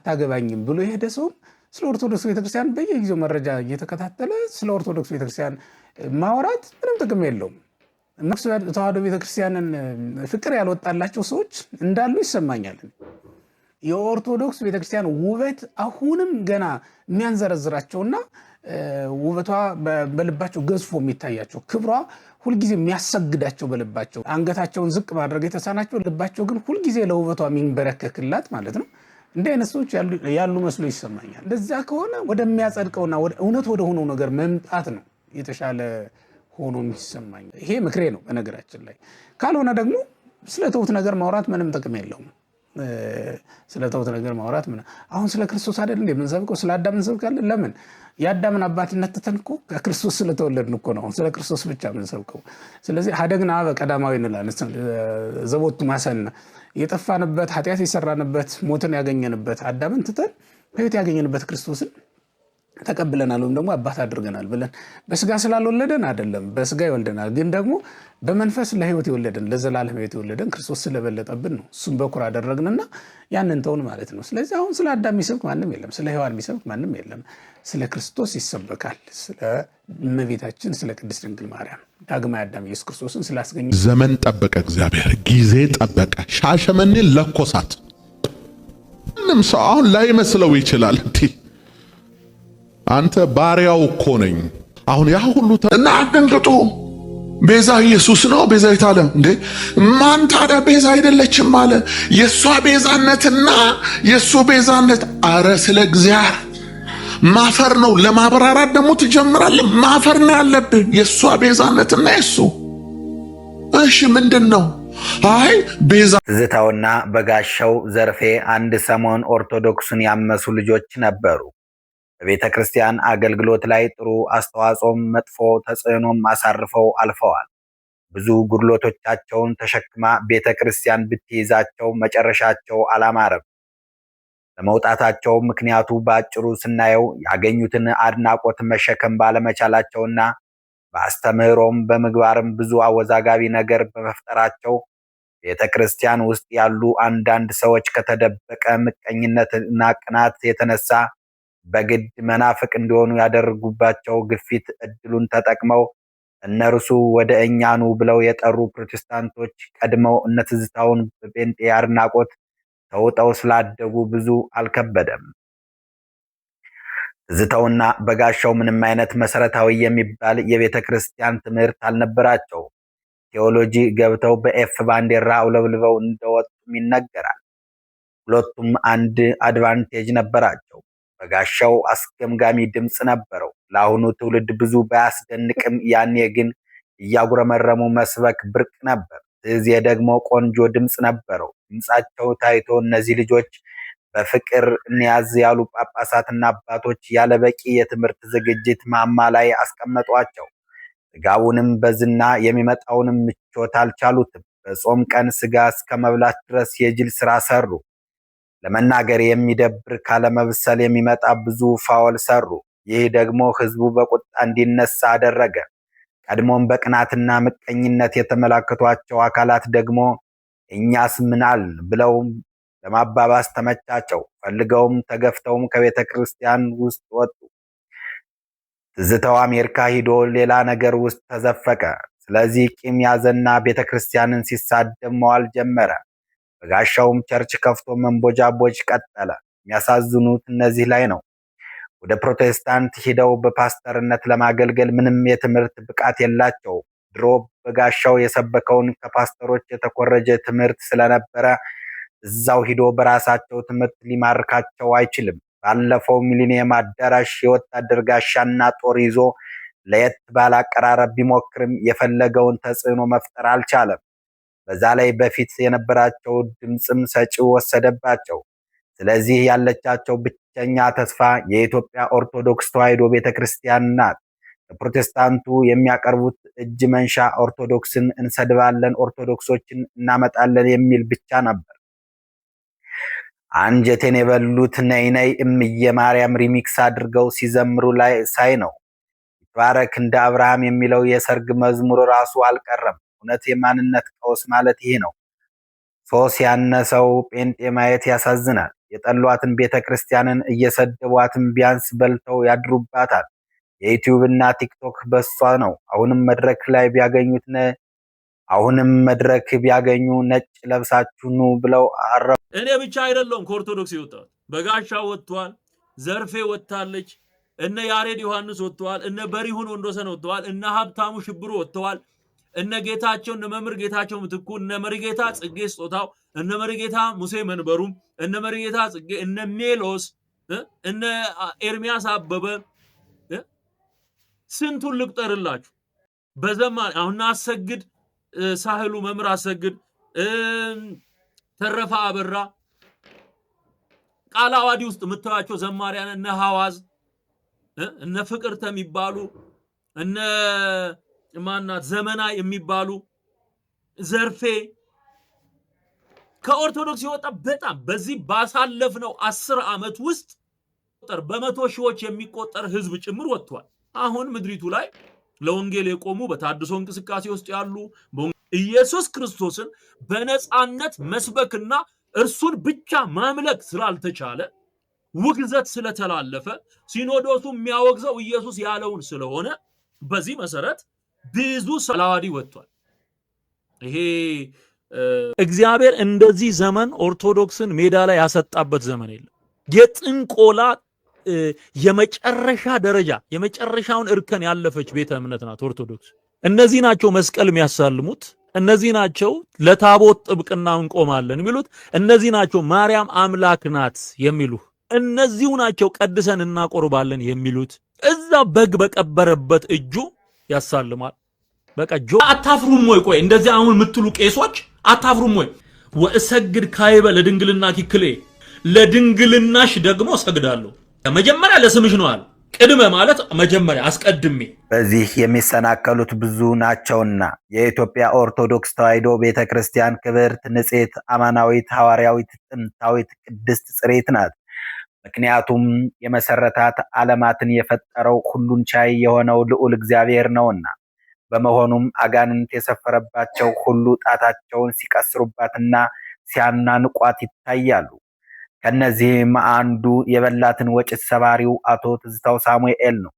አታገባኝም ብሎ የሄደ ሰውም ስለ ኦርቶዶክስ ቤተክርስቲያን በየጊዜው መረጃ እየተከታተለ ስለ ኦርቶዶክስ ቤተክርስቲያን ማውራት ምንም ጥቅም የለውም። እነሱ ተዋህዶ ቤተክርስቲያንን ፍቅር ያልወጣላቸው ሰዎች እንዳሉ ይሰማኛል። የኦርቶዶክስ ቤተክርስቲያን ውበት አሁንም ገና የሚያንዘረዝራቸውና ውበቷ በልባቸው ገዝፎ የሚታያቸው ክብሯ ሁልጊዜ የሚያሰግዳቸው በልባቸው አንገታቸውን ዝቅ ማድረግ የተሳናቸው ልባቸው ግን ሁልጊዜ ለውበቷ የሚንበረከክላት ማለት ነው። እንዲህ አይነት ሰዎች ያሉ መስሎ ይሰማኛል። እንደዛ ከሆነ ወደሚያጸድቀውና እውነት ወደ ሆነው ነገር መምጣት ነው የተሻለ ሆኖ የሚሰማኝ። ይሄ ምክሬ ነው በነገራችን ላይ። ካልሆነ ደግሞ ስለተውት ነገር ማውራት ምንም ጥቅም የለውም። ስለ ተውት ነገር ማውራት ምናምን። አሁን ስለ ክርስቶስ አይደል የምንሰብከው? ስለ አዳም እንሰብካለን። ለምን የአዳምን አባትነት ትተን እኮ ከክርስቶስ ስለተወለድን እኮ ነው። ስለ ክርስቶስ ብቻ የምንሰብከው። ስለዚህ ሀደግና በቀዳማዊ እንላለን። ዘቦቱ ማሰና የጠፋንበት ኃጢአት የሰራንበት ሞትን ያገኘንበት አዳምን ትተን ህይወት ያገኘንበት ክርስቶስን ተቀብለናል ወይም ደግሞ አባት አድርገናል ብለን በስጋ ስላልወለደን አይደለም። በስጋ ይወልደናል፣ ግን ደግሞ በመንፈስ ለህይወት የወለደን ለዘላለም ህይወት የወለደን ክርስቶስ ስለበለጠብን ነው። እሱም በኩር አደረግንና ያንን ተውን ማለት ነው። ስለዚህ አሁን ስለ አዳም የሚሰብክ ማንም የለም፣ ስለ ሔዋን የሚሰብክ ማንም የለም። ስለ ክርስቶስ ይሰበካል። ስለ እመቤታችን ስለ ቅድስት ድንግል ማርያም ዳግማዊ አዳም ኢየሱስ ክርስቶስን ስላስገኘ ዘመን ጠበቀ፣ እግዚአብሔር ጊዜ ጠበቀ፣ ሻሸመኔን ለኮሳት። ምንም ሰው አሁን ላይመስለው ይችላል ይችላል አንተ ባሪያው እኮ ነኝ። አሁን ያ ሁሉ እና አደንግጡ። ቤዛ ኢየሱስ ነው። ቤዛ የታለ እንዴ? ማን ታዲያ ቤዛ አይደለችም አለ። የእሷ ቤዛነትና የእሱ ቤዛነት፣ አረ ስለ እግዚአብሔር ማፈር ነው። ለማብራራት ደግሞ ትጀምራለህ። ማፈር ነው ያለብህ፣ የእሷ ቤዛነትና የእሱ እሺ፣ ምንድን ነው? አይ ቤዛ ትዝታውና በጋሻው ዘርፌ አንድ ሰሞን ኦርቶዶክሱን ያመሱ ልጆች ነበሩ። በቤተ ክርስቲያን አገልግሎት ላይ ጥሩ አስተዋጽኦም መጥፎ ተጽዕኖም አሳርፈው አልፈዋል። ብዙ ጉድሎቶቻቸውን ተሸክማ ቤተ ክርስቲያን ብትይዛቸው መጨረሻቸው አላማረም። ለመውጣታቸው ምክንያቱ በአጭሩ ስናየው ያገኙትን አድናቆት መሸከም ባለመቻላቸውና በአስተምህሮም በምግባርም ብዙ አወዛጋቢ ነገር በመፍጠራቸው ቤተ ክርስቲያን ውስጥ ያሉ አንዳንድ ሰዎች ከተደበቀ ምቀኝነትና ቅናት የተነሳ በግድ መናፍቅ እንዲሆኑ ያደረጉባቸው ግፊት እድሉን ተጠቅመው እነርሱ ወደ እኛ ኑ ብለው የጠሩ ፕሮቴስታንቶች ቀድመው እነ ትዝታውን በጴንጤ አድናቆት ተውጠው ስላደጉ ብዙ አልከበደም። ትዝታውና በጋሻው ምንም አይነት መሰረታዊ የሚባል የቤተ ክርስቲያን ትምህርት አልነበራቸው። ቴዎሎጂ ገብተው በኤፍ ባንዲራ አውለብልበው እንደወጡም ይነገራል። ሁለቱም አንድ አድቫንቴጅ ነበራቸው። በጋሻው አስገምጋሚ ድምፅ ነበረው። ለአሁኑ ትውልድ ብዙ ባያስደንቅም ያኔ ግን እያጉረመረሙ መስበክ ብርቅ ነበር። እዚህ ደግሞ ቆንጆ ድምፅ ነበረው። ድምፃቸው ታይቶ እነዚህ ልጆች በፍቅር እንያዝ ያሉ ጳጳሳትና አባቶች ያለበቂ የትምህርት ዝግጅት ማማ ላይ አስቀመጧቸው። ጥጋቡንም በዝና የሚመጣውንም ምቾት አልቻሉትም። በጾም ቀን ስጋ እስከ መብላት ድረስ የጅል ስራ ሰሩ። ለመናገር የሚደብር ካለመብሰል የሚመጣ ብዙ ፋውል ሰሩ። ይህ ደግሞ ህዝቡ በቁጣ እንዲነሳ አደረገ። ቀድሞም በቅናትና ምቀኝነት የተመላከቷቸው አካላት ደግሞ እኛስ ምናል ብለው ለማባባስ ተመቻቸው። ፈልገውም ተገፍተውም ከቤተ ክርስቲያን ውስጥ ወጡ። ትዝተው አሜሪካ ሂዶ ሌላ ነገር ውስጥ ተዘፈቀ። ስለዚህ ቂም ያዘና ቤተ ክርስቲያንን ሲሳደብ መዋል ጀመረ። በጋሻውም ቸርች ከፍቶ መንቦጃቦች ቀጠለ። የሚያሳዝኑት እነዚህ ላይ ነው። ወደ ፕሮቴስታንት ሂደው በፓስተርነት ለማገልገል ምንም የትምህርት ብቃት የላቸው። ድሮ በጋሻው የሰበከውን ከፓስተሮች የተኮረጀ ትምህርት ስለነበረ እዛው ሂዶ በራሳቸው ትምህርት ሊማርካቸው አይችልም። ባለፈው ሚሊኒየም አዳራሽ የወታደር ጋሻና ጦር ይዞ ለየት ባለ አቀራረብ ቢሞክርም የፈለገውን ተጽዕኖ መፍጠር አልቻለም። በዛ ላይ በፊት የነበራቸው ድምፅም ሰጪ ወሰደባቸው። ስለዚህ ያለቻቸው ብቸኛ ተስፋ የኢትዮጵያ ኦርቶዶክስ ተዋሕዶ ቤተክርስቲያን ናት። ለፕሮቴስታንቱ የሚያቀርቡት እጅ መንሻ ኦርቶዶክስን እንሰድባለን፣ ኦርቶዶክሶችን እናመጣለን የሚል ብቻ ነበር። አንጀቴን የበሉት ነይ ነይ እምየ ማርያም ሪሚክስ አድርገው ሲዘምሩ ላይ ሳይ ነው። ይትባረክ እንደ አብርሃም የሚለው የሰርግ መዝሙር ራሱ አልቀረም። እውነት የማንነት ቀውስ ማለት ይሄ ነው። ሶስ ያነሰው ጴንጤ ማየት ያሳዝናል። የጠሏትን ቤተ ክርስቲያንን እየሰደቧትን ቢያንስ በልተው ያድሩባታል። የዩቲዩብ እና ቲክቶክ በሷ ነው። አሁንም መድረክ ላይ ቢያገኙት አሁንም መድረክ ቢያገኙ ነጭ ለብሳችሁ ኑ ብለው አረ እኔ ብቻ አይደለውም ከኦርቶዶክስ የወጣሁት በጋሻው ወጥቷል፣ ዘርፌ ወጥታለች፣ እነ ያሬድ ዮሐንስ ወጥተዋል፣ እነ በሪሁን ወንዶሰን ወጥተዋል፣ እነ ሀብታሙ ሽብሩ ወጥተዋል። እነ ጌታቸው እነ መምህር ጌታቸው ምትኩ እነ መሪጌታ ጽጌ ስጦታው እነ መሪጌታ ሙሴ መንበሩም እነ መሪጌታ ጽጌ እነ ሜሎስ እነ ኤርሚያስ አበበ ስንቱን ልቁጠርላችሁ። በዘማን አሁን አሰግድ ሳህሉ መምህር አሰግድ ተረፈ አበራ ቃለ ዓዋዲ ውስጥ የምታዩቸው ዘማሪያን እነ ሐዋዝ እነ ፍቅርተ የሚባሉ እነ ማናት ዘመና የሚባሉ ዘርፌ ከኦርቶዶክስ የወጣ በጣም በዚህ ባሳለፍነው አስር ዓመት ውስጥ ቁጥር በመቶ ሺዎች የሚቆጠር ህዝብ ጭምር ወጥቷል። አሁን ምድሪቱ ላይ ለወንጌል የቆሙ በታድሶ እንቅስቃሴ ውስጥ ያሉ ኢየሱስ ክርስቶስን በነፃነት መስበክና እርሱን ብቻ ማምለክ ስላልተቻለ ውግዘት ስለተላለፈ ሲኖዶሱ የሚያወግዘው ኢየሱስ ያለውን ስለሆነ በዚህ መሰረት ብዙ ሰው አላዋዲ ወጥቷል። ይሄ እግዚአብሔር እንደዚህ ዘመን ኦርቶዶክስን ሜዳ ላይ ያሰጣበት ዘመን የለም። የጥንቆላ የመጨረሻ ደረጃ የመጨረሻውን እርከን ያለፈች ቤተ እምነት ናት ኦርቶዶክስ። እነዚህ ናቸው መስቀል የሚያሳልሙት፣ እነዚህ ናቸው ለታቦት ጥብቅና እንቆማለን የሚሉት፣ እነዚህ ናቸው ማርያም አምላክ ናት የሚሉ፣ እነዚሁ ናቸው ቀድሰን እናቆርባለን የሚሉት እዛ በግ በቀበረበት እጁ ያሳልማል። በቃ ጆ አታፍሩም ወይ? ቆይ እንደዚህ አሁን የምትሉ ቄሶች አታፍሩም ወይ? ወእሰግድ ካይበ ለድንግልና ኪክሌ ለድንግልናሽ ደግሞ እሰግዳለሁ። መጀመሪያ ለስምሽ ነው አለ። ቅድመ ማለት መጀመሪያ አስቀድሜ። በዚህ የሚሰናከሉት ብዙ ናቸውና የኢትዮጵያ ኦርቶዶክስ ተዋሕዶ ቤተ ክርስቲያን ክብርት፣ ንጽሕት፣ አማናዊት፣ ሐዋርያዊት፣ ጥንታዊት፣ ቅድስት ጽሬት ናት። ምክንያቱም የመሰረታት ዓለማትን የፈጠረው ሁሉን ቻይ የሆነው ልዑል እግዚአብሔር ነውና። በመሆኑም አጋንንት የሰፈረባቸው ሁሉ ጣታቸውን ሲቀስሩባትና ሲያናንቋት ይታያሉ። ከነዚህም አንዱ የበላትን ወጭት ሰባሪው አቶ ትዝታው ሳሙኤል ነው።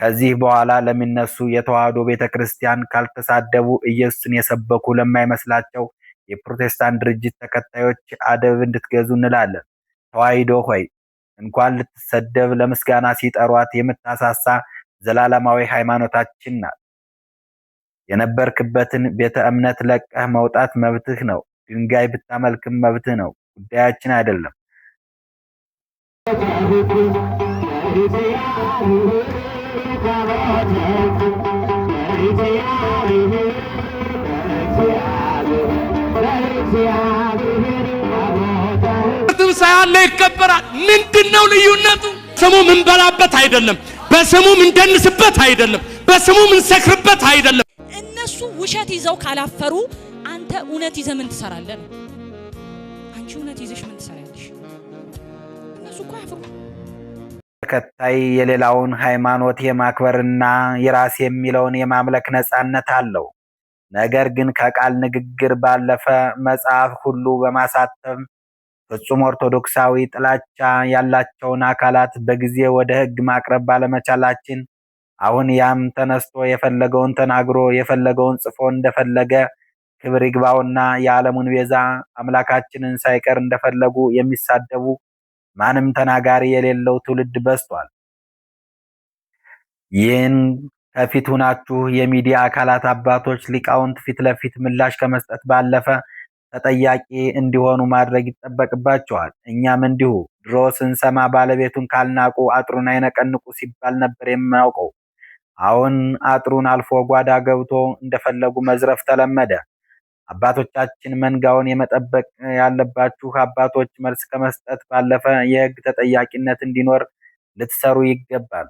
ከዚህ በኋላ ለሚነሱ የተዋህዶ ቤተ ክርስቲያን ካልተሳደቡ ኢየሱስን የሰበኩ ለማይመስላቸው የፕሮቴስታንት ድርጅት ተከታዮች አደብ እንድትገዙ እንላለን። ተዋህዶ ሆይ እንኳን ልትሰደብ ለምስጋና ሲጠሯት የምታሳሳ ዘላለማዊ ሃይማኖታችን ናት። የነበርክበትን ቤተ እምነት ለቀህ መውጣት መብትህ ነው። ድንጋይ ብታመልክም መብትህ ነው። ጉዳያችን አይደለም። ትምሳያ ምንድን ነው ልዩነቱ? ስሙ ምንበላበት አይደለም፣ በስሙ ምንደንስበት አይደለም፣ በስሙ ምንሰክርበት አይደለም። እነሱ ውሸት ይዘው ካላፈሩ አንተ እውነት ይዘ ምን ትሰራለህ? አንቺ እውነት ይዘሽ ምን ትሰራለሽ? እነሱ እኮ አያፍሩ። ተከታይ የሌላውን ሃይማኖት የማክበርና የራስ የሚለውን የማምለክ ነጻነት አለው። ነገር ግን ከቃል ንግግር ባለፈ መጽሐፍ ሁሉ በማሳተም ፍጹም ኦርቶዶክሳዊ ጥላቻ ያላቸውን አካላት በጊዜ ወደ ህግ ማቅረብ ባለመቻላችን አሁን ያም ተነስቶ የፈለገውን ተናግሮ የፈለገውን ጽፎ እንደፈለገ ክብር ይግባውና የዓለሙን ቤዛ አምላካችንን ሳይቀር እንደፈለጉ የሚሳደቡ ማንም ተናጋሪ የሌለው ትውልድ በዝቷል። ይህን ከፊት ሁናችሁ የሚዲያ አካላት አባቶች፣ ሊቃውንት ፊት ለፊት ምላሽ ከመስጠት ባለፈ ተጠያቂ እንዲሆኑ ማድረግ ይጠበቅባቸዋል። እኛም እንዲሁ ድሮ ስንሰማ ባለቤቱን ካልናቁ አጥሩን አይነቀንቁ ሲባል ነበር የማያውቀው። አሁን አጥሩን አልፎ ጓዳ ገብቶ እንደፈለጉ መዝረፍ ተለመደ። አባቶቻችን መንጋውን የመጠበቅ ያለባችሁ አባቶች መልስ ከመስጠት ባለፈ የህግ ተጠያቂነት እንዲኖር ልትሰሩ ይገባል።